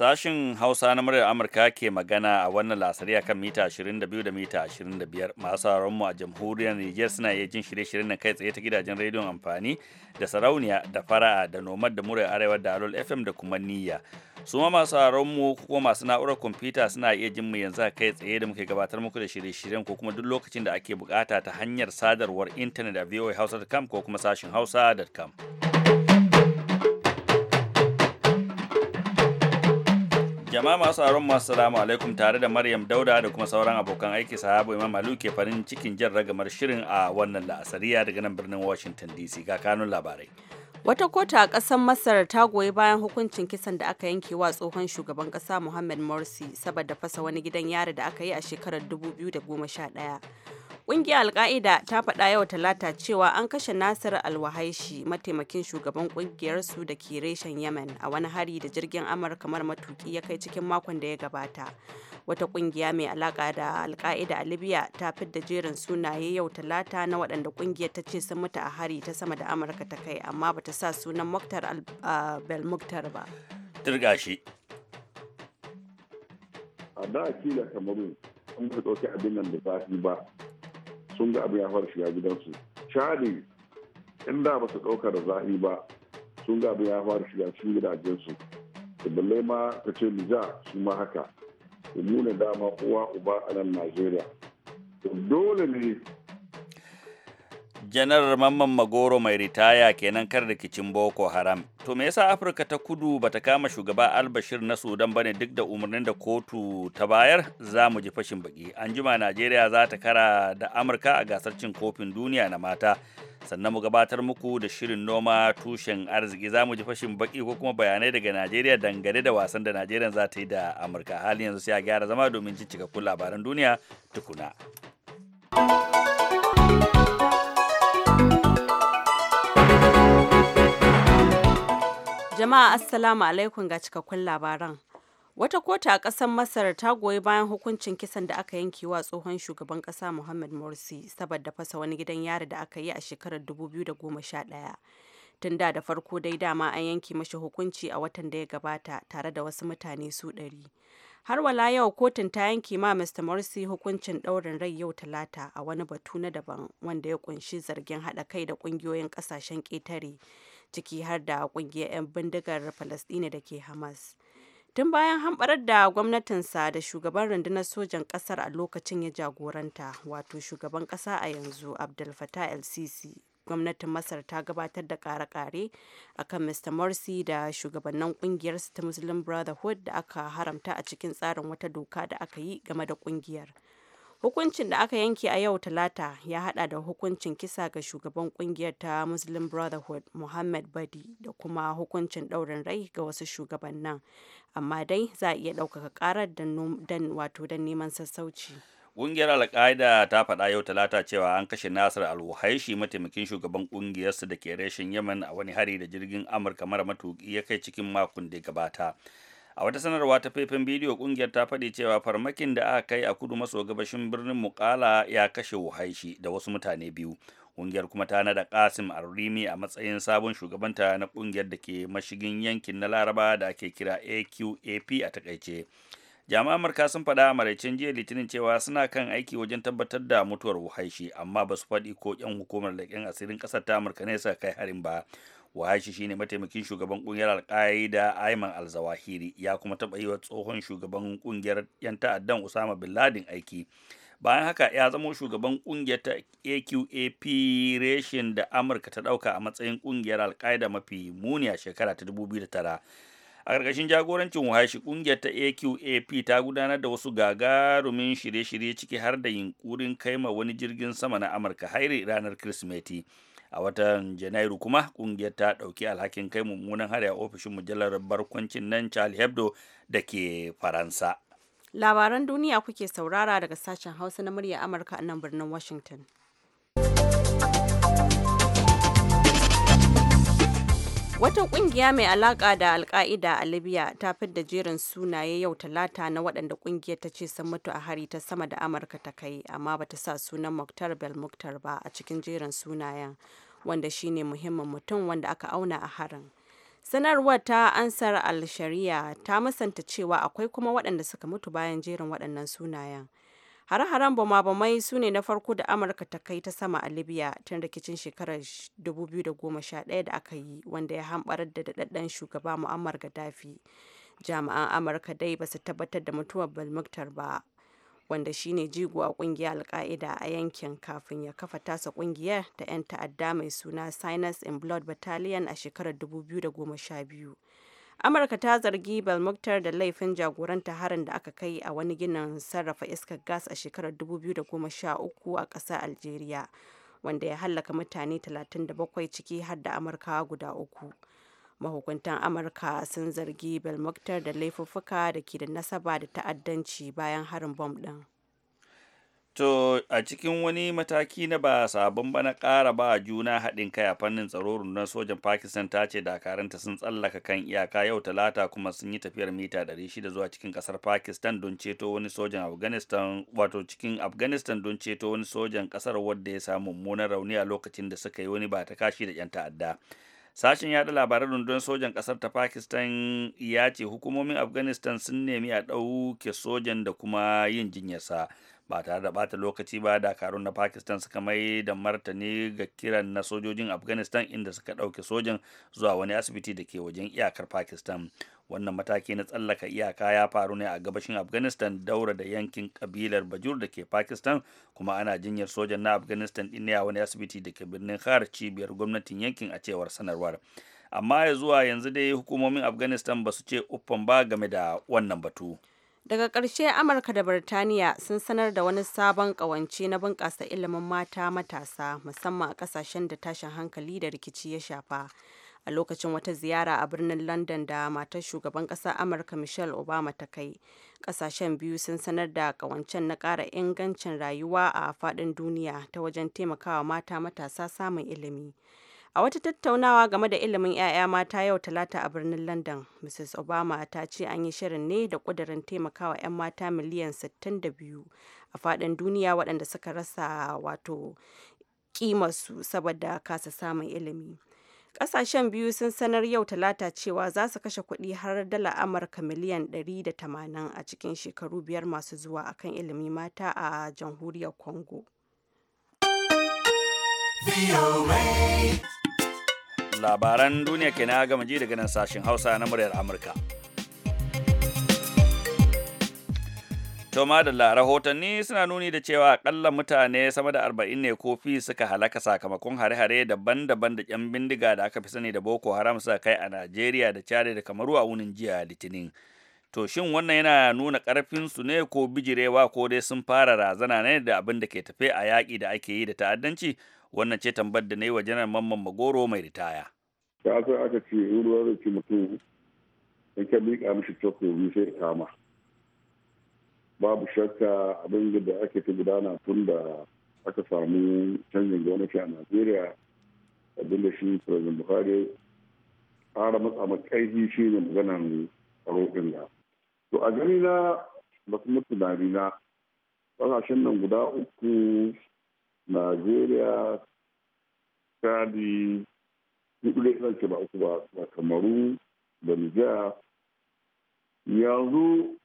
Sashin Hausa na muryar Amurka ke magana a wannan lasariya kan mita 22 da mita 25 masu mu a jamhuriyar Nijar suna iya jin shirye-shiryen na kai tsaye ta gidajen rediyon amfani da sarauniya da fara'a da nomad da muryar arewa da alol FM da kuma niyya. Su ma masu mu ko masu na'urar kwamfuta suna iya jin mu yanzu kai tsaye da muke gabatar muku da shirye-shiryen ko kuma duk lokacin da ake bukata ta hanyar sadarwar intanet a voahausa.com ko kuma sashin hausa.com. Jama'a masu aron masu salamu alaikum tare da Maryam Dauda da kuma sauran abokan aiki sahabu Imam Malu ke farin cikin jan ragamar shirin a wannan la'asariya daga nan birnin Washington DC ga kanun labarai. Wata kotu a ƙasar Masar ta goyi bayan hukuncin kisan da aka yanke wa tsohon shugaban ƙasa Muhammad Morsi saboda fasa wani gidan yari da aka yi a shekarar 2011. Ƙungiyar al ta faɗa yau Talata cewa an kashe Nasir al mataimakin shugaban ƙungiyar su da ke reshen Yemen a wani hari da jirgin Amurka mara matuki ya kai cikin makon da ya gabata. Wata ƙungiya mai alaka da Al-Qaida a Libya ta fidda jerin sunaye yau Talata na waɗanda ƙungiyar ta ce sun mutu a hari ta sama da Amurka ta kai amma bata sa sunan Muktar al ba. Dirga shi. A da kila Cameroon, an ɗauki abin nan da zafi ba, sun ga abin ya fara shiga gidansu chadi in da ba su ɗauka da zahi ba sun ga abin ya fara shiga cikin gidajensu da balle ma ta ce nija su ma haka da nuna dama uwa uba a nan najeriya dole ne janar mamman magoro mai ritaya kenan kar rikicin boko haram to me yasa afirka ta kudu bata kama shugaba albashir na sudan bane duk da umarnin da kotu ta bayar za mu ji fashin baki anjima jima najeriya za ta kara da amurka a gasar cin kofin duniya na mata sannan mu gabatar muku da shirin noma tushen arziki za mu ji fashin baki ko kuma bayanai daga najeriya dangane da wasan da najeriya za ta yi da amurka halin yanzu sai a gyara zama domin cin cikakkun labaran duniya tukuna. thank you Jama'a Assalamu alaikum ga cikakkun labaran. Wata kotu a ƙasar Masar ta goyi bayan hukuncin kisan da aka yanke wa tsohon shugaban ƙasa Muhammad Morsi saboda fasa wani gidan yari da aka yi a shekarar 2011. Tun da da farko dai dama an yanke mashi hukunci a watan da ya gabata tare da wasu mutane su ɗari. Har wala yau kotun ta yanke ma Mr. Morsi hukuncin ɗaurin rai yau talata a wani batu na daban wanda ya kunshi zargin haɗa kai da ƙungiyoyin ƙasashen ƙetare. ciki har da kungiyar 'yan bindigar Falasɗina da ke Hamas. Tun bayan hamɓarar da gwamnatinsa da shugaban rundunar sojan ƙasar a lokacin ya jagoranta, wato shugaban ƙasa a yanzu Abdel Fattah el-Sisi. Gwamnatin Masar ta gabatar da kare-kare a kan Mr. Morsi da shugabannin kungiyar ta Muslim Brotherhood da aka haramta a cikin tsarin wata doka da aka yi game da ƙungiyar. Hukuncin da aka yanke a yau Talata ya hada da hukuncin kisa ga shugaban kungiyar ta Muslim Brotherhood Muhammad Badi da kuma hukuncin ɗaurin rai ga wasu shugabannin. Amma dai za a iya ɗaukaka karar dan wato dan neman sassauci. Ƙungiyar al ta faɗa yau Talata cewa an kashe Nasir al mataimakin shugaban ƙungiyarsu da ke reshen Yemen a wani hari da jirgin Amurka mara matuƙi ya kai cikin makon da gabata. a wata sanarwa ta faifin bidiyo kungiyar ta faɗi cewa farmakin da aka kai a kudu maso gabashin birnin mukala ya kashe wuhaishi da wasu mutane biyu kungiyar kuma ta nada kasim arrimi a matsayin sabon shugabanta na kungiyar da ke mashigin yankin na laraba da ake kira aqap a takaice jami'an amurka sun faɗa a maraicen jiya litinin cewa suna kan aiki wajen tabbatar da mutuwar wuhaishi amma ba su faɗi ko yan hukumar leƙen asirin ƙasar ta amurka ne suka kai harin ba wahashi shine mataimakin shugaban kungiyar alkaida ayman alzawahiri ya kuma taba yi wa tsohon shugaban kungiyar 'yan ta'addan usama bin ladin aiki bayan haka ya zamo shugaban kungiyar ta aqap reshin da amurka ta dauka a matsayin kungiyar alkaida mafi muni a shekara ta 2009 a ƙarƙashin jagorancin wahashi ƙungiyar ta aqap ta gudanar da wasu gagarumin shirye-shirye ciki har da yunkurin kaima wani jirgin sama na amurka hairi ranar kirsimeti a watan janairu kuma kungiyar ta dauki alhakin kai mummunan hari a ofishin mujallar barkwancin nan charlie hebdo da ke faransa labaran duniya kuke saurara daga sashen hausa na murya amurka a nan birnin washington Wata kungiya mai alaka da Alka'ida a Libya ta fidda jerin sunaye yau talata na waɗanda kungiyar ta ce sun mutu a hari ta sama da Amurka ta kai, amma bata sa sunan Muktar Belmuktar ba a cikin jerin sunayen, wanda shine muhimmin mutum wanda aka auna a harin. Sanarwar ta Ansar al-Sharia ta musanta cewa akwai kuma waɗanda suka mutu bayan jerin waɗannan sunayen. Hare-haren bama-bamai su ne na farko da Amurka ta kai ta sama a Libya tun rikicin shekarar 2011 da aka yi wanda ya hambar da daɗaɗɗen shugaba Muammar Gaddafi. Jami'an Amurka dai ba su tabbatar da mutuwar Balmuktar ba, wanda shi ne jigo a ƙungiyar Al-Qaeda a yankin kafin ya kafa tasa ƙungiyar ta 'yan ta'adda mai suna Sinus in Blood Battalion a shekarar 2012. amurka ta zargi balmuktar da laifin jagoranta harin da aka kai a wani ginin sarrafa iskar gas a shekarar 2013 a ƙasar algeria wanda ya hallaka mutane 37 ciki har da amurka guda uku mahukuntan amurka sun zargi balmuktar da laifuffuka da ke da nasaba da ta'addanci bayan harin bom ɗin. To a cikin wani mataki na ba sabon ba na ƙara ba juna haɗin kai a fannin tsaro rundunar sojan Pakistan ta ce dakaranta sun tsallaka kan iyaka yau talata kuma sun yi tafiyar mita 600 zuwa cikin ƙasar Pakistan don ceto wani sojan Afghanistan wato cikin Afghanistan don ceto wani sojan ƙasar wadda ya samu mummunan rauni a lokacin da suka yi wani ba ta kashi da 'yan ta'adda. sashen yaɗa labaran rundunar sojan ƙasar ta pakistan ya ce hukumomin afghanistan sun nemi a ɗauke sojan da kuma yin jinyarsa ba tare da bata lokaci ba dakarun na pakistan suka mai da martani ga kiran na sojojin afghanistan inda suka ɗauke sojan zuwa wani asibiti da ke wajen iyakar pakistan wannan mataki na tsallaka iyaka ya faru ne a gabashin afghanistan daura da yankin kabilar bajur da ke pakistan kuma ana jinyar sojan na afghanistan din ne a wani asibiti da ke birnin har cibiyar gwamnatin yankin a cewar sanarwar amma ya zuwa yanzu dai hukumomin afghanistan ba su ce uffan ba game da wannan batu Daga ƙarshe Amurka da Birtaniya sun sanar da wani sabon ƙawance na bunƙasa ilimin mata matasa musamman a ƙasashen da tashin hankali da rikici ya shafa. A lokacin wata ziyara a birnin London da matar shugaban ƙasar Amurka Michelle Obama ta kai, ƙasashen biyu sun sanar da ƙawancen na ƙara ingancin rayuwa a faɗin duniya ta wajen taimakawa mata matasa samun ilimi. A wata tattaunawa game da ilimin 'ya'ya mata yau talata a birnin London, Mrs. Obama ta ce an yi shirin ne da kudirin taimakawa 'yan mata miliyan 62 a fadin duniya waɗanda suka rasa wato kimarsu saboda kasa samun ilimi. kasashen biyu sun sanar yau talata cewa za su kashe kuɗi har dala Amurka miliyan 180 a cikin shekaru biyar masu zuwa akan ilimi mata a jamhuriyar Congo. Labaran duniya ke na gama ji daga nan sashen Hausa na muryar Amurka. Toma da rahotanni suna nuni da cewa akalla mutane sama da arba'in ne kofi suka halaka sakamakon hare-hare daban-daban da yan bindiga da aka fi sani da Boko Haram suka kai a Najeriya da Chad da Kamaru a wunin jiya Litinin. To shin wannan yana nuna ƙarfin su ne ko bijirewa ko dai sun fara razana ne da abin da ke tafe a yaƙi da ake yi da ta'addanci wannan ce tambar da na yi wa janar mamman magoro mai ritaya ka san aka ce in ruwa zai mutum in ka miƙa mishi takobi sai ya kama babu shakka abin da ake ta gudana tun da aka samu canjin gwamnati a najeriya abin da shi president buhari ƙara matsa makaihi shi ne maganan roƙin da to a gani na da kuma tunani na ƙasashen nan guda uku najeriya chadi hudu da ɗan ba uku ba kamaru da nijar yanzu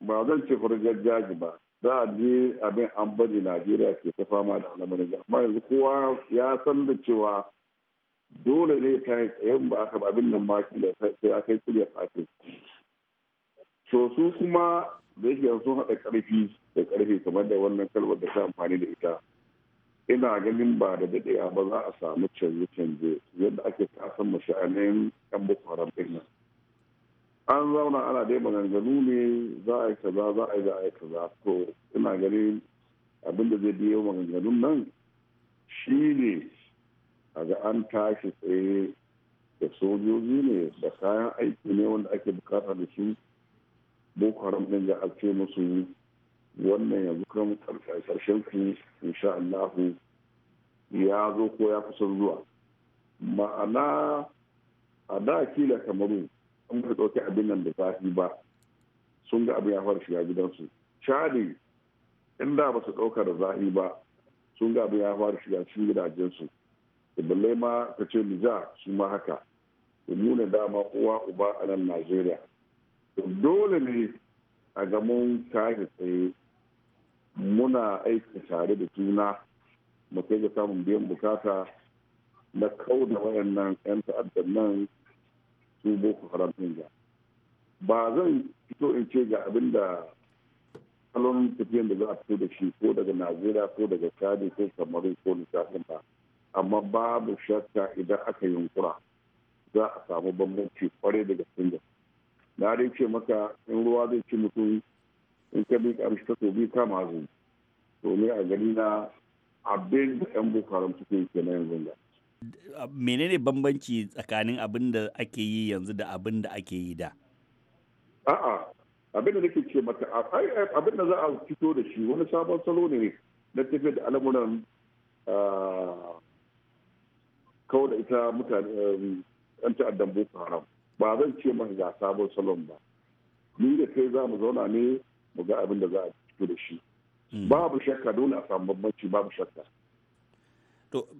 ba zan ce fargajaji ba za a je abin an bari najeriya ke ta fama da al'amarin amma yanzu kowa ya san da cewa dole ne ta yi tsayen ba aka abin nan da sai aka yi kuriya fatin so su kuma da yake yanzu haɗa ƙarfi da ƙarfi kamar da wannan kalmar da ta amfani da ita ina ganin ba da daɗewa ba za a samu canje-canje yadda ake kasan masha'anin yan boko haram an zauna ana dai maganganu ne za a yi kaza za a yi za a yi kaza to ina ganin abin da zai biyo maganganun nan shi ne a ga an tashi tsaye da sojoji ne da kayan aiki ne wanda ake bukata da su boko haram ɗin da ake musu wannan yanzu kan karshen su insha Allah ya zo ko ya kusan zuwa ma'ana a da kila kamaru an ba ɗauki abin nan da zafi ba sun ga abin ya fara shiga gidansu chadi inda ba su ɗauka da zafi ba sun ga abin ya fara shiga cikin gidajensu da balle ma ka ce nija su ma haka da nuna dama uwa uba a nan najeriya dole ne a gamon tashi tsaye muna aiki tare da juna mu kai ga samun biyan bukata na kau da wayannan 'yan ta'addan nan su boko haram ga ba zan fito in ce ga abin da salon tafiyan da za a fito da shi ko daga najeriya ko daga chadi ko samari ko lissafin ba amma babu shakka idan aka yunkura za a samu bambanci kwarai daga gaske na dai ce maka in ruwa zai ci mutum in ka bi karshe ta sobi ta mazu to ne a gani na abin da yan boko haram suke yi kenan yanzu da menene bambanci tsakanin abin da ake yi yanzu da abin da ake yi da a'a abin da nake ce mata abin da za a fito da shi wani sabon salo ne na tafiya da al'amuran ah, kawo da ita mutane yan um, ta'addan boko ba zan ce maka ga sabon salon ba ni da kai za mu zauna ne mu ga abin da za a fito da shi hmm. babu shakka dole a samu bambanci babu shakka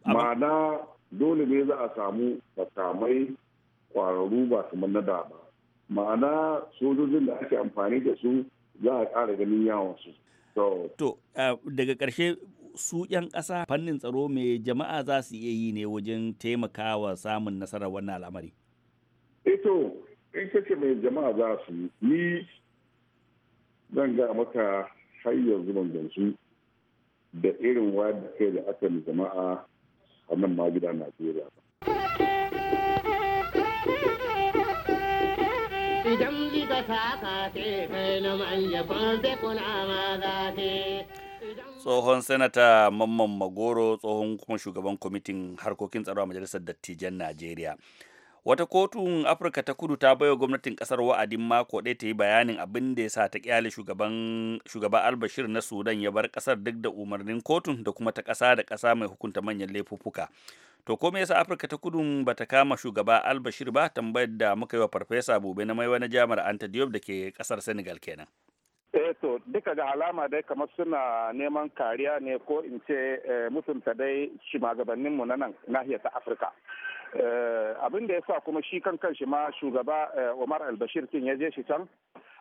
ma'ana dole ne za a samu makamai kwararru ba su na da ba ma'ana sojojin da ake amfani da su za a ƙara ganin yawon su to daga ƙarshe su 'yan ƙasa fannin tsaro mai jama'a za su iya yi ne wajen taimakawa samun nasarar wannan al'amari? ito eh in kace mai jama'a za su yi, zan ga maka har yanzu gansu da irin wayar da kai da aka jama'a a nan ma gida Najeriya. Idan gida ta kai na manya kun ma za tsohon sanata mamman magoro tsohon kuma shugaban kwamitin harkokin tsaro a majalisar dattijan najeriya wata kotun afirka ta kudu ta baiwa gwamnatin kasar wa'adin mako ɗaya ta yi bayanin abin da ya sa ta kyale shugaba albashir na sudan ya bar kasar duk da umarnin kotun da kuma ta kasa da kasa mai hukunta manyan laifuffuka to ko yasa afirka ta kudu ba ta kama shugaba albashir ba tambayar da muka yi wa farfesa bobe na maiwa na jami'ar anta diop da ke kasar senegal kenan eh to duka ga alama dai kamar suna neman kariya ne ko in ce eh, mutunta dai shugabanninmu na nan nahiyar ta afirka Eh, abin da ya sa kuma shi kan kanshi ma shugaba Umar eh, al-Bashir kin ya je shi can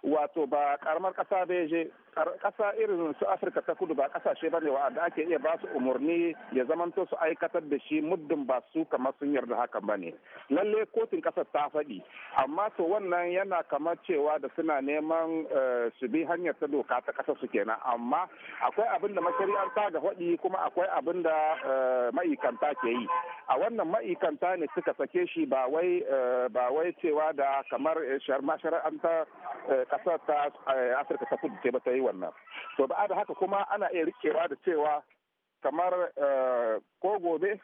wato ba karamar kasa da ya je kasa irin su Afirka ta kudu ba kasashe ba ne wa'anda ake iya ba su umarni ya zamanto su aikatar da shi muddin ba su kamar sun yarda hakan ba ne lalle kotun kasar ta faɗi amma to wannan yana kamar cewa da suna neman eh, su bi hanyar ta doka ta kasar su kenan amma akwai abin da mashari'ar ta ga faɗi kuma akwai abin da ma'ikanta ke yi a wannan ma'ikanta ne suka sake shi ba wai eh, ba wai cewa da kamar eh, mashara'anta kasar eh, ta afirka ta kudu ce ba ta yi wannan to ba da haka kuma ana iya rikewa da cewa kamar ko gobe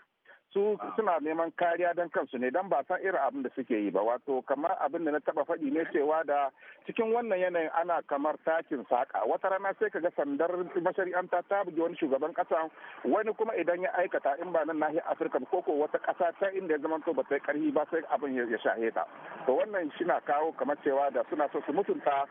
su suna neman kariya don kansu ne don ba san irin abin da suke yi ba wato kamar abin da na taba faɗi ne cewa da cikin wannan yanayin ana kamar takin saka wata rana sai ka ga sandar mashari'anta ta bugi wani shugaban ƙasa wani kuma idan ya aikata in ba nan nahiyar afirka ko ko wata ƙasa ta inda ya zama to ba ta karhi ba sai abin ya shahe ta to wannan shi na kawo kamar cewa da suna so su mutunta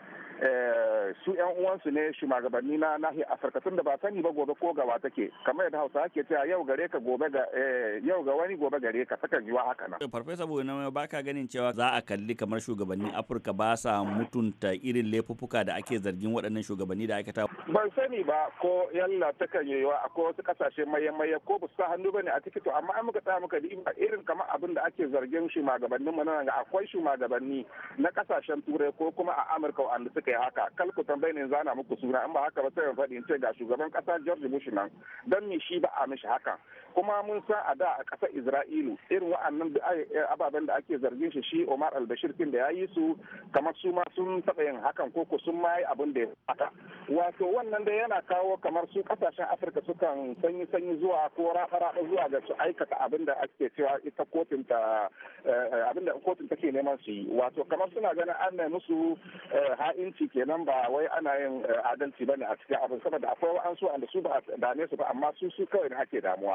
Eh, su yan uwansu ne shugabanni na nahiyar afirka tun da ba sani ba gobe ko gawa take kamar yadda hausa ake cewa yau gare ka gobe ga eh, yau ga wani gobe gare ka saka jiwa haka nan farfesa boye ba ka ganin cewa za a kalli kamar shugabannin afirka ba sa mutunta irin laifuffuka da ake zargin waɗannan shugabanni da aikata ban sani ba ko yalla ta kan wa akwai wasu kasashe maye-maye ko ba su sa hannu bane a ciki to amma an muka tsaya muka diba irin kamar abin da ake zargin shugabannin mu nan akwai shugabanni na kasashen turai ko kuma a amurka wanda suka yi haka kal ku tambayi ne zana muku suna in ba haka ba sai in faɗi in ce ga shugaban ƙasa George Bush nan dan me shi ba a mishi haka kuma mun san a da a ƙasar isra'ilu irin wa'annan eh, ababen da ake zargin shi shi omar albashir din da ya yi su kamar su ma sun taɓa yin hakan ko ko sun ma yi abin da ya fata wato wannan da yana kawo kamar su kasashen afirka sukan sanyi sanyi zuwa ko rafa rafa zuwa ga su aikata abin da ake cewa ita kotun ta eh, eh, abin da kotun take neman su yi wato kamar suna ganin an nemi musu ha'inci kenan ba wai ana yin adalci bane a cikin abin saboda akwai wa'ansu wanda su ba dame su ba amma su su kawai da ake damuwa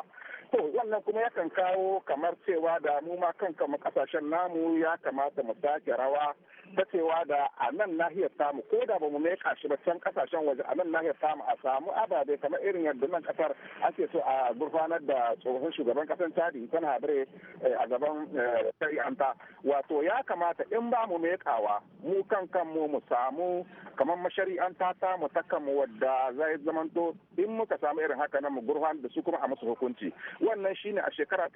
To wannan kuma yakan kawo kamar cewa da mu ma kanka mu kasashen namu ya kamata mu sake rawa ta cewa da a nan nahiyar samu ko da bamu mai kashi ba can kasashen waje a nan nahiyar samu a samu ababe kamar irin yadda nan kasar ake so a gurfanar da tsohon shugaban kasar tadi Isan Habire eh, a gaban eh, shari'anta wato ya kamata in ba mu mai kawa mu kan kanmu mu samu kamar mashari'anta ta mu ta kanmu wadda zai zamanto in muka samu irin haka nan mu gurfanar da su kuma a musu hukunci wannan shine a shekara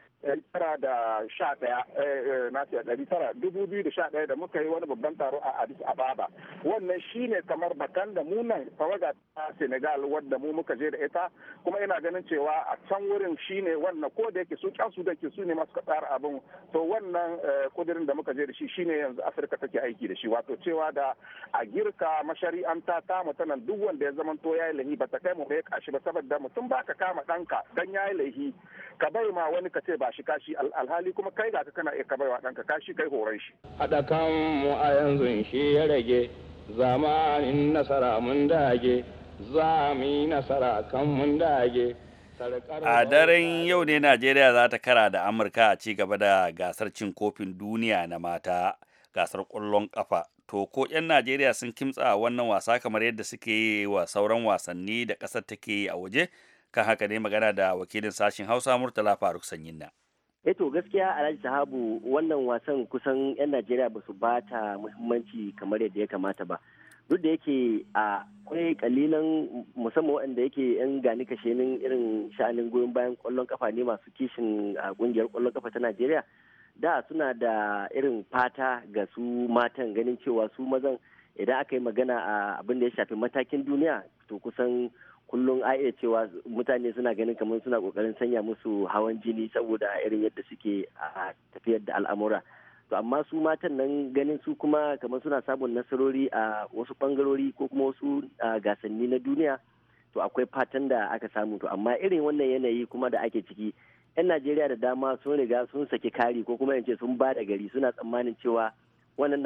tara da sha eh, eh, na ce dari tara dubu biyu da sha da muka yi wani babban taro a Addis Ababa wannan shine kamar bakan da mu nan tawaga ta Senegal wadda mu muka je da ita kuma ina ganin cewa a can wurin shine wannan ko da yake su kyan su da ke su ne masu tsara abin to wannan eh, kudirin da muka je da shi shine yanzu Afirka take aiki da shi wato cewa da a girka mashari'anta ta mutanen duk wanda ya zamanto ya yi lahi ba ta kai mu ya kashi ba saboda mutum ba ka kama ɗanka dan ya yi lahi ka bai ma wani ka ce ba shi kashi alhali kuma kai ga kana iya ka bai wa ɗanka kashi kai horon shi. Haɗa kan mu a yanzu shi ya rage zamanin nasara mun dage za mu yi nasara kan mun dage. A daren yau ne Najeriya za ta kara da Amurka a ci gaba da gasar cin kofin duniya na mata gasar ƙwallon ƙafa. To ko 'yan Najeriya sun kimtsa wannan wasa kamar yadda suke yi wa sauran wasanni da ƙasar take yi a waje kan haka ne magana da wakilin sashen hausa murtala faruk sanyin na eto eh gaskiya alhaji sahabu wannan wasan kusan 'yan najeriya ba su bata muhimmanci kamar yadda ya kamata ba duk da yake a kwai kalilan musamman wanda yake yan gani kashenin irin sha'anin goyon bayan kwallon kafa ne masu kishin a kungiyar kwallon kafa ta najeriya da suna da irin fata ga su matan ganin cewa su mazan idan aka yi magana a abin da ya shafi matakin duniya to kusan kullum a cewa mutane suna ganin kamar suna kokarin sanya musu hawan jini saboda irin yadda suke a tafiyar da al'amura to amma su matan nan ganin su kuma kamar suna samun nasarori a wasu bangarori ko kuma wasu gasanni na duniya to akwai fatan da aka samu to amma irin wannan yanayi kuma da ake ciki 'yan najeriya da dama sun riga sun saki kari ko kuma yance sun ba da gari suna tsammanin cewa wannan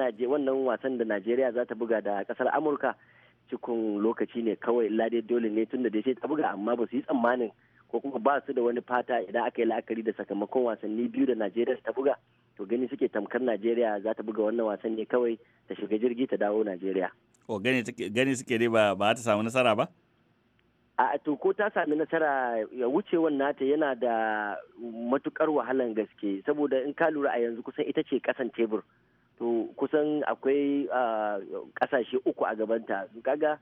wasan da najeriya za ta buga da kasar amurka cikun lokaci ne kawai lade dole ne tun da dai sai ta buga amma ba su yi tsammanin ko kuma ba su da wani fata idan aka yi la'akari da sakamakon wasanni biyu da najeriya ta buga to gani suke tamkar najeriya za ta buga wannan wasan ne kawai ta shiga jirgi ta dawo najeriya o gani suke dai ba ba ta samu nasara ba a to ko ta sami nasara ya wuce wannan nata yana da matukar wahalan gaske saboda in ka lura a yanzu kusan ita ce kasan tebur to kusan akwai kasashe uku a gabanta kaga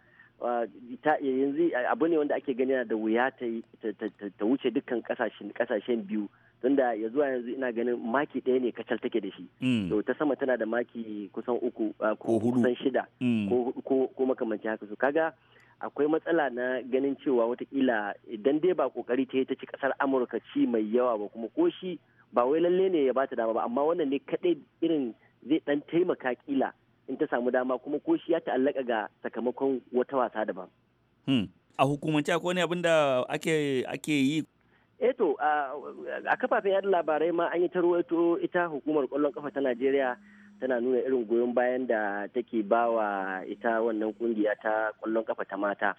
yanzu abu ne wanda ake gani da wuya ta wuce dukkan kasashen biyu tunda ya zuwa yanzu ina ganin maki ɗaya ne kacal take da shi mm. to ta sama tana da maki kusan uku ko kusan shida mm. ko makamanci haka su kaga akwai matsala na ganin cewa watakila idan dai ba kokari ta yi ta ci kasar amurka ci mai yawa ba kuma ko shi ba wai lalle ne ya bata dama ba amma wannan ne kaɗai irin zai dan taimaka kila in ta samu dama kuma ko shi ya ta'allaka ga sakamakon wata wasa daban. Hmm. A hukumance ko ne abin ake yi Eto eh a kafafen yada labarai ma an yi ta ita hukumar kwallon kafa ta Najeriya tana nuna irin goyon bayan da take wa ita wannan kungiya ta kwallon kafa ta mata.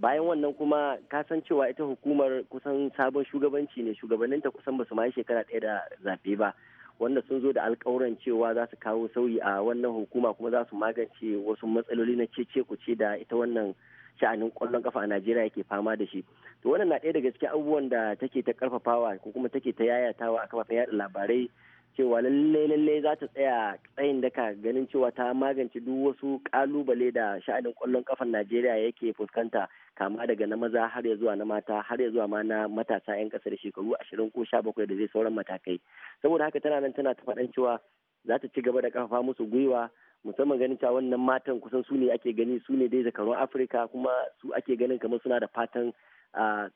Bayan wannan kuma kasan cewa ita hukumar kusan sabon shugabanci ne shugabanninta kusan ba su ma yi shekara ɗaya da zaɓe ba. wanda sun zo da alkawuran cewa za su kawo sauyi a wannan hukuma kuma za su magance wasu matsaloli na cece ku ce da ita wannan sha'anin kwallon kafa a Najeriya yake fama da shi. To wannan na ɗaya daga cikin abubuwan da take ta karfafawa ko kuma take ta yayatawa a kafafen yaɗa labarai cewa lallai lallai za ta tsaya tsayin daka ganin cewa ta magance duk wasu kalubale da sha'anin kwallon kafan najeriya yake fuskanta kama daga na maza har ya zuwa na mata har ya zuwa ma na matasa 'yan kasa shekaru ashirin ko sha bakwai da zai sauran matakai saboda haka tana nan tana ta cewa za ta ci gaba da kafa musu gwiwa musamman ganin cewa wannan matan kusan su ne ake gani su ne dai zakarun afirka kuma su ake ganin kamar suna da fatan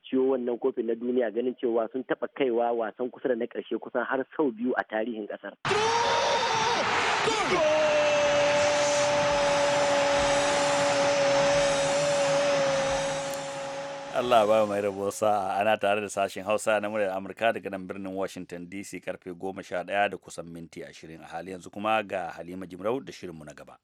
ciwo wannan kofin na duniya ganin cewa sun taɓa kaiwa wasan kusa da na ƙarshe kusan har sau biyu a tarihin ƙasar. Allah ba mai rabo sa'a ana tare da sashen Hausa na muryar Amurka daga nan birnin Washington DC karfe 11 da kusan minti 20 a hali yanzu kuma ga Halima Jimrau da shirinmu na gaba.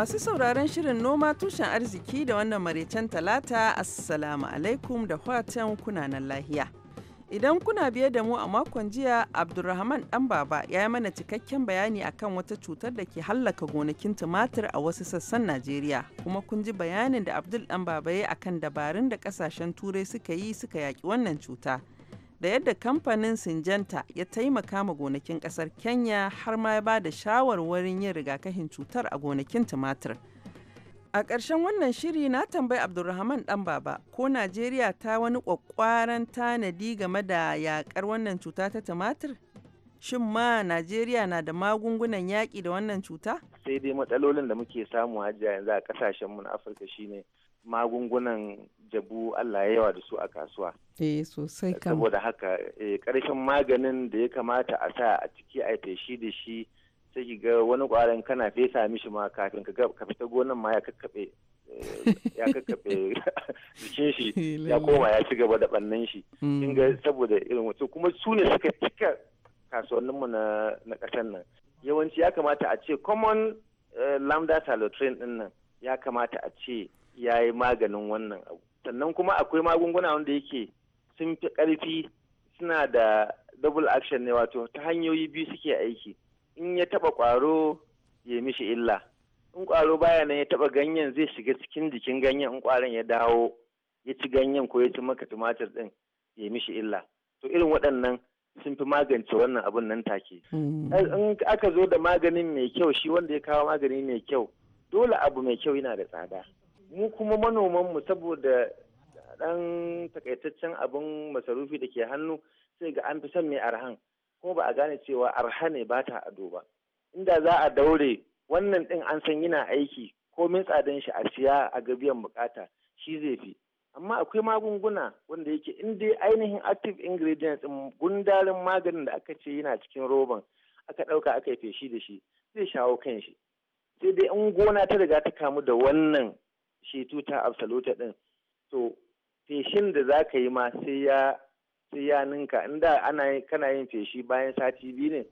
Masu sauraron shirin noma tushen arziki da wannan maraicen talata Assalamu alaikum da fatan kunanan lahiya. Idan kuna biye da mu a makon jiya, Abdulrahman ɗan baba ya yi mana cikakken bayani akan wata cutar da ke hallaka gonakin tumatir a wasu sassan Najeriya. Kuma kun ji bayanin da Abdul ɗan baba ya akan dabarun da kasashen Turai suka yi suka yaki wannan cuta. da yadda kamfanin Sinjanta ya taimaka ma gonakin kasar Kenya har ma ya ba da shawarwarin yin rigakafin cutar a gonakin tumatir. A ƙarshen wannan shiri na tambayi Abdulrahman ɗan baba ko Najeriya ta wani ƙwaƙƙwaran tanadi game da yaƙar wannan cuta ta tumatir? Shin ma Najeriya na da magungunan yaƙi da wannan cuta? Sai dai matsalolin da muke samu hajiya yanzu a ƙasashenmu na Afirka shine magungunan jabu Allah ya yawa da su a kasuwa. Eh sosai kam. Saboda haka karshen eh, maganin da ya kamata a sa a ciki a shi da shi sai ki ga wani kwarin kana fesa mishi ma kafin ka ka fita gonan ma ya kakkabe eh, ya kakkabe jikin shi ya koma ya ci gaba da bannan shi. Mm. Kin ga saboda irin wato kuma su ne suka cika kasuwanninmu na na ƙasar nan. Yawanci ya kamata a ce common eh, lambda salotrin din nan ya kamata a ce ya yi maganin wannan abu sannan kuma akwai magunguna wanda yake sun fi ƙarfi suna da double action ne wato ta hanyoyi biyu suke aiki in ya taɓa ƙwaro ya mishi illa in ƙwaro baya nan ya taɓa ganyen zai shiga cikin jikin ganyen in ƙwaron ya dawo ya ci ganyen ko ya ci maka tumatir ɗin ya mishi illa to irin waɗannan sun fi magance wannan abun nan take hmm. in aka zo da maganin mai kyau shi wanda ya kawo magani mai kyau dole abu mai kyau yana da tsada mu kuma manomanmu saboda ɗan takaitaccen abin masarufi da ke hannu sai ga an fi son mai arhan kuma ba a gane cewa arha ne ba ta ado ba inda za a daure wannan ɗin an san yana aiki ko min tsadan shi a siya a ga biyan bukata shi zai fi amma akwai magunguna wanda yake in dai ainihin active ingredients din gundarin maganin da aka ce yana cikin roban aka ɗauka aka yi feshi da shi zai shawo kan shi sai dai in gona ta riga ta kamu da wannan shi tuta absolute din to feshin da za ka yi ma sai ya sai ya ninka inda ana kana yin feshi bayan sati biyu ne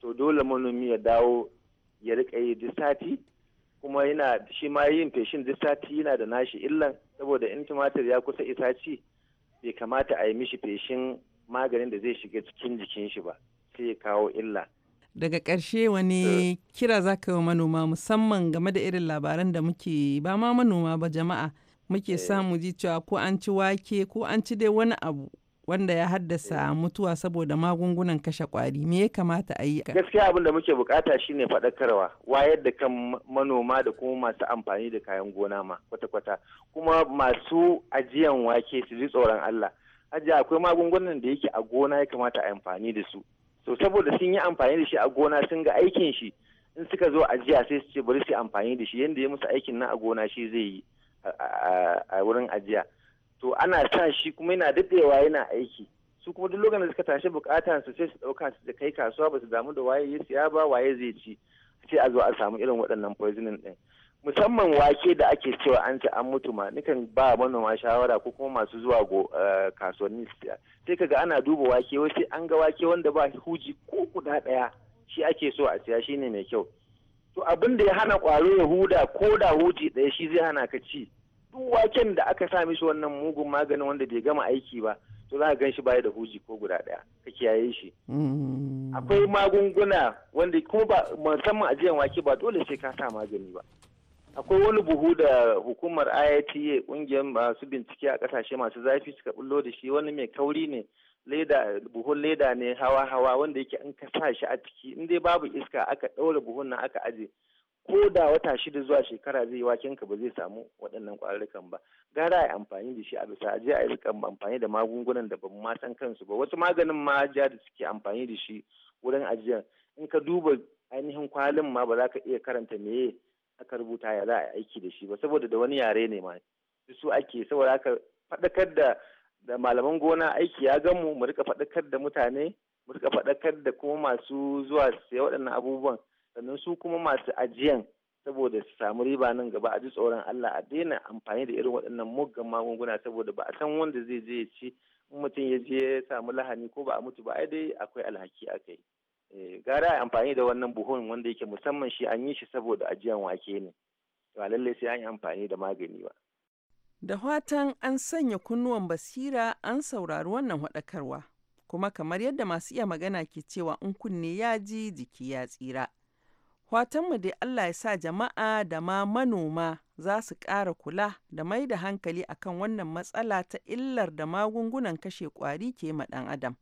to dole manomi ya dawo ya rika yi duk sati kuma yana shi ma yin feshin duk sati yana da nashi illan saboda in tumatir ya kusa isa ci bai kamata a yi mishi feshin maganin da zai shiga cikin jikin shi ba sai ya kawo illa daga ƙarshe wani eh. kira za ka yi manoma musamman game da irin labaran da muke ba ma manoma ba jama'a muke eh. samu ji cewa ko an ci wake ko an ci dai wani abu wanda ya haddasa eh. mutuwa saboda magungunan kashe kwari me ya kamata a yi gaskiya abin da muke bukata shine faɗakarwa wayar da kan manoma da kuma masu amfani da kayan gona ma kwata-kwata kuma masu ajiyan wake su ji tsoron Allah ajiya akwai magungunan da yake a gona ya kamata a amfani da su to saboda sun yi amfani da shi a gona sun ga aikin shi in suka zo ajiya sai su ce bari su amfani da shi yadda ya musu aikin na a gona shi zai yi a wurin ajiya to ana sa shi kuma yana daɗewa yana aiki su kuma duk lokacin da suka tashi bukatan su sai su ɗauka su kai kasuwa ba su damu da waye ya siya ba waye zai ci sai a zo a samu irin waɗannan poisoning ɗin musamman wake da ake cewa an ci an mutu ma nikan ba manoma shawara ko kuma masu zuwa go eh, kasuwanni sai kaga ana duba wake wasu an ga wake wanda ba huji ko guda daya shi ake so a siya shine mai kyau to abin da ya hana kwaro ya huda ko da huji daya shi zai hana ka ci duk waken da aka sa mishi wannan mugun maganin wanda bai gama aiki ba to za ka gan shi baya da huji ko guda daya ka kiyaye shi mm. akwai magunguna wanda kuma ba musamman ajiyan wake ba dole sai ka sa magani ba akwai wani buhu da hukumar IATA kungiyar masu bincike a kasashe masu zafi suka bullo da shi wani mai kauri ne leda buhun leda ne hawa hawa wanda yake an ka sa shi a ciki in dai babu iska aka ɗaure buhun nan aka aje ko da wata shida zuwa shekara zai yi waken ka ba zai samu waɗannan ƙwararrukan ba gara a amfani da shi a bisa aje a rika amfani da magungunan da ba ma san kansu ba wasu maganin ma ja da suke amfani da shi wurin ajiyar in ka duba ainihin kwalin ma ba za ka iya karanta meye aka rubuta ya za a aiki da shi ba saboda da wani yare ne ma su ake saboda aka faɗakar da da malaman gona aiki ya gamu mu rika faɗakar da mutane mu rika faɗakar da kuma masu zuwa siya waɗannan abubuwan sannan su kuma masu ajiyan saboda su samu riba nan gaba a ji tsoron Allah a daina amfani da irin waɗannan muggan magunguna saboda ba a san wanda zai je ya ci in mutum ya je ya samu lahani ko ba a mutu ba ai dai akwai alhaki a kai. Eh, gara a amfani da wannan buhun wanda yake musamman shi an yi shi saboda ajiyan wake ne ba lallai sai an yi amfani da magani ba da fatan an sanya kunnuwan basira an saurari wannan haɗakarwa kuma kamar yadda masu iya magana ke cewa in kunne ya ji jiki ya tsira mu dai Allah ya sa jama'a da ma manoma za su ƙara kula da mai da hankali akan wannan matsala ta illar da magungunan kashe ƙwari ke ma ɗan adam.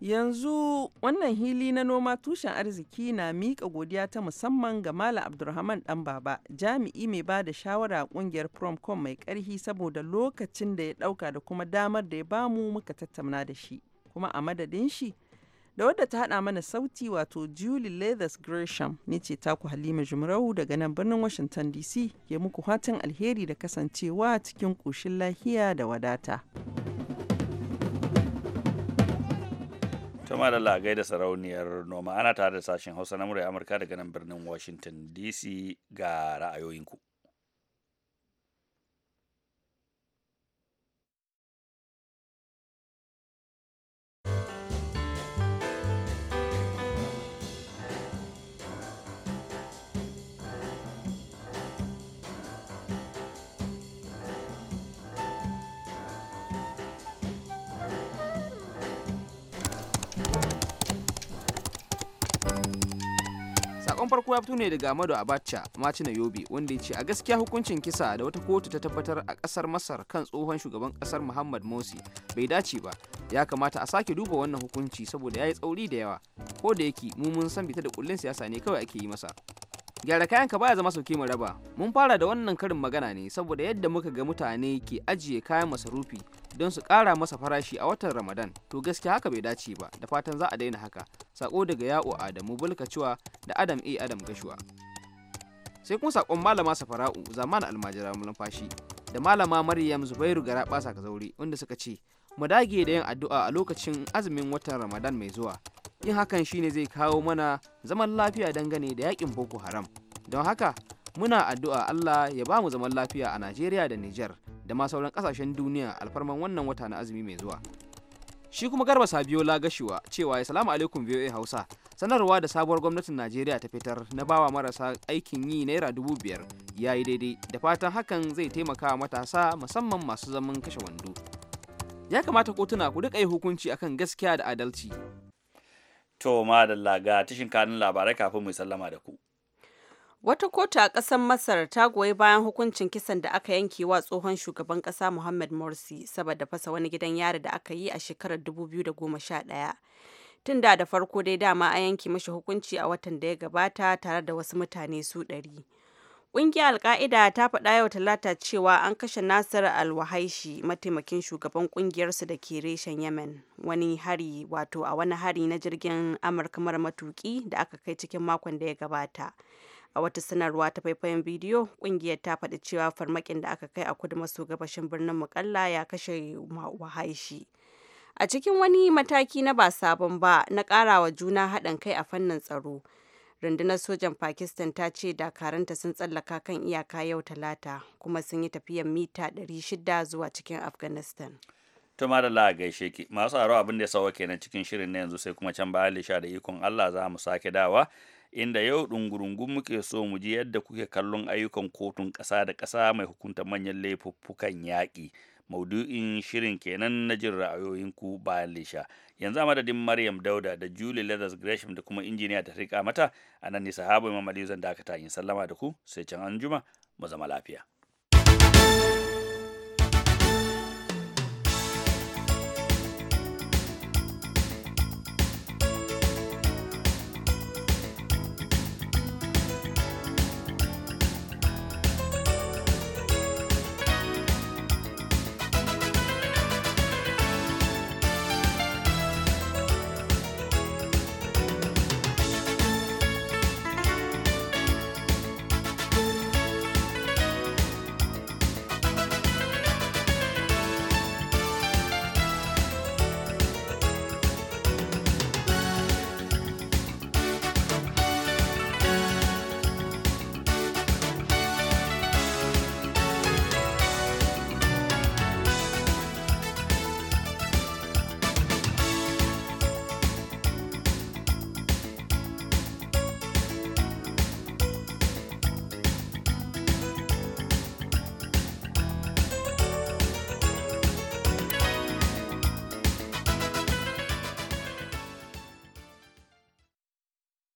Yanzu wannan hili na noma tushen arziki na miƙa godiya ta musamman ga Malam Abdulrahman Dan Baba, jami'i mai ba da shawara a ƙungiyar Promcom mai ƙarhi saboda lokacin da ya ɗauka da kuma damar da ya bamu muka tattauna da shi. Kuma a madadin shi, da wadda ta haɗa mana sauti wato Julie Leathers Gresham, ni ce taku Halima Jumrau daga nan birnin Washington DC, ke muku fatan alheri da kasancewa cikin ƙoshin lahiya da wadata. Tuma da lagai da sarauniyar noma ana tare da sashen Hausa na murai Amurka daga nan birnin Washington DC ga ra'ayoyinku. sakon farko ya fito ne daga Amadu Abacha Macina Yobe wanda ya ce a gaskiya hukuncin kisa da wata kotu ta tabbatar a kasar Masar kan tsohon shugaban kasar Muhammad Morsi bai dace ba ya kamata a sake duba wannan hukunci saboda ya yi tsauri da yawa ko da yake mu mun san bita da kullun siyasa ne kawai ake yi masa gyara kayan ka baya zama sauki mu raba mun fara da wannan karin magana ne saboda yadda muka ga mutane ke ajiye kayan masarufi don su kara masa farashi a watan ramadan to gaskiya haka bai dace ba da fatan za a daina haka sako daga ya'o adamu bulkacewa da adam a adam gashuwa sai kuma sakon malama safara'u zaman almajira mulfashi da malama maryam zubairu gara basa zaure wanda suka ce mu dage da yin addu'a a lokacin azumin watan ramadan mai zuwa yin hakan shine zai kawo mana zaman lafiya dangane da yakin boko haram don haka muna addu'a allah ya ba mu zaman lafiya a najeriya da niger da ma sauran kasashen duniya alfarman wannan wata na azumi mai zuwa shi kuma garba sabiyo lagashiwa cewa ya salamu alaikum voa hausa sanarwa da sabuwar gwamnatin najeriya ta fitar na bawa marasa aikin yi naira dubu biyar ya yi daidai da fatan hakan zai taimaka matasa musamman masu zaman kashe wando ya kamata kotuna ku rika yi hukunci akan gaskiya da adalci To madalla ga tashin kanun labarai kafin mu sallama da ku. Wata kota a ƙasar Masar ta goyi bayan hukuncin kisan da aka yanke wa tsohon shugaban ƙasa Muhammad Morsi saboda fasa wani gidan yari da aka yi a shekarar 2011. Tun da da farko dai dama a yanke mashi hukunci a watan da ya gabata tare da wasu mutane su ɗari. Ƙungiyar Al-Qaeda ta faɗa yau Talata cewa an kashe Nasir Al-Wahaishi, mataimakin shugaban ƙungiyarsu da ke reshen Yemen, wani hari wato a wani hari na jirgin Amurka mara matuki da aka kai cikin makon da ya gabata. A wata sanarwa ta faifayen bidiyo, ƙungiyar ta faɗi cewa farmakin da aka kai a kudu maso gabashin birnin Mukalla ya kashe Wahaishi. A cikin wani mataki na ba sabon ba na ƙarawa juna haɗin kai a fannin tsaro. rundunar sojan pakistan ta ce dakaranta sun tsallaka kan iyaka yau talata kuma sun yi tafiyar mita 600 zuwa cikin afghanistan to da gaishe masu aro abin da ya sauwa kenan cikin shirin na yanzu sai kuma can ba lisha da ikon allah za mu sake dawa inda yau dungurungun muke so mu ji yadda kuke kallon ayyukan kotun ƙasa da ƙasa mai hukunta manyan laifuffukan yaƙi maudu'in shirin kenan na jin ra'ayoyinku bayan lisha yanzu a madadin maryam dauda da julie leathers gresham da kuma injiniya ta rika mata a nan ne sahaba imam aliyu zan dakata in sallama da ku sai can anjuma mu zama lafiya